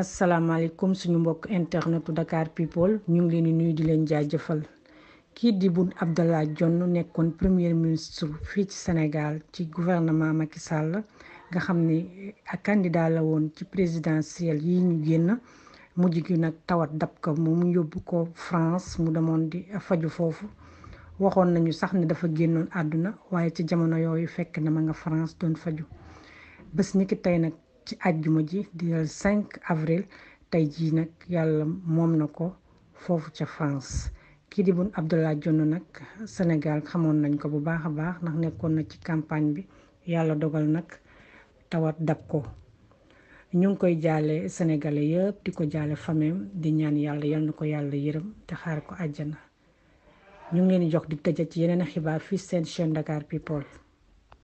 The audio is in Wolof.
asalaamaaleykum suñu mbokk internetu Dakar People ñu ngi leen di nuyu di leen jaay jëfal kii di Boun Abdallah Dionne nekkoon premier ministre fii ci senegal ci gouvernement Macky sàll nga xam ni eh, ak candidat la woon ci présidentielle yi ñu génn mujj gi nag tawat dab ko mu yóbbu ko France mu demoon di faju foofu waxoon nañu sax ne dafa génnoon àdduna waaye ci jamono yooyu fekk na ma nga France doon faju bés ni ki tey nag ci àjjuma ji di 5 avril tey jii nag yàlla moom na ko foofu ca France kii di Boun Abdallah jonn nag Sénégal xamoon nañ ko bu baax a baax ndax nekkoon na ci campagne bi yàlla dogal nag tawat dab ko ñu ngi koy jaale sénégalais yëpp di ko jaale fameem di ñaan yàlla yal na ko yàlla yërëm te xaar ko àjjana ñu ngi leen di jox di tëja ci yeneen xibaar fi seen chaîne Dakar People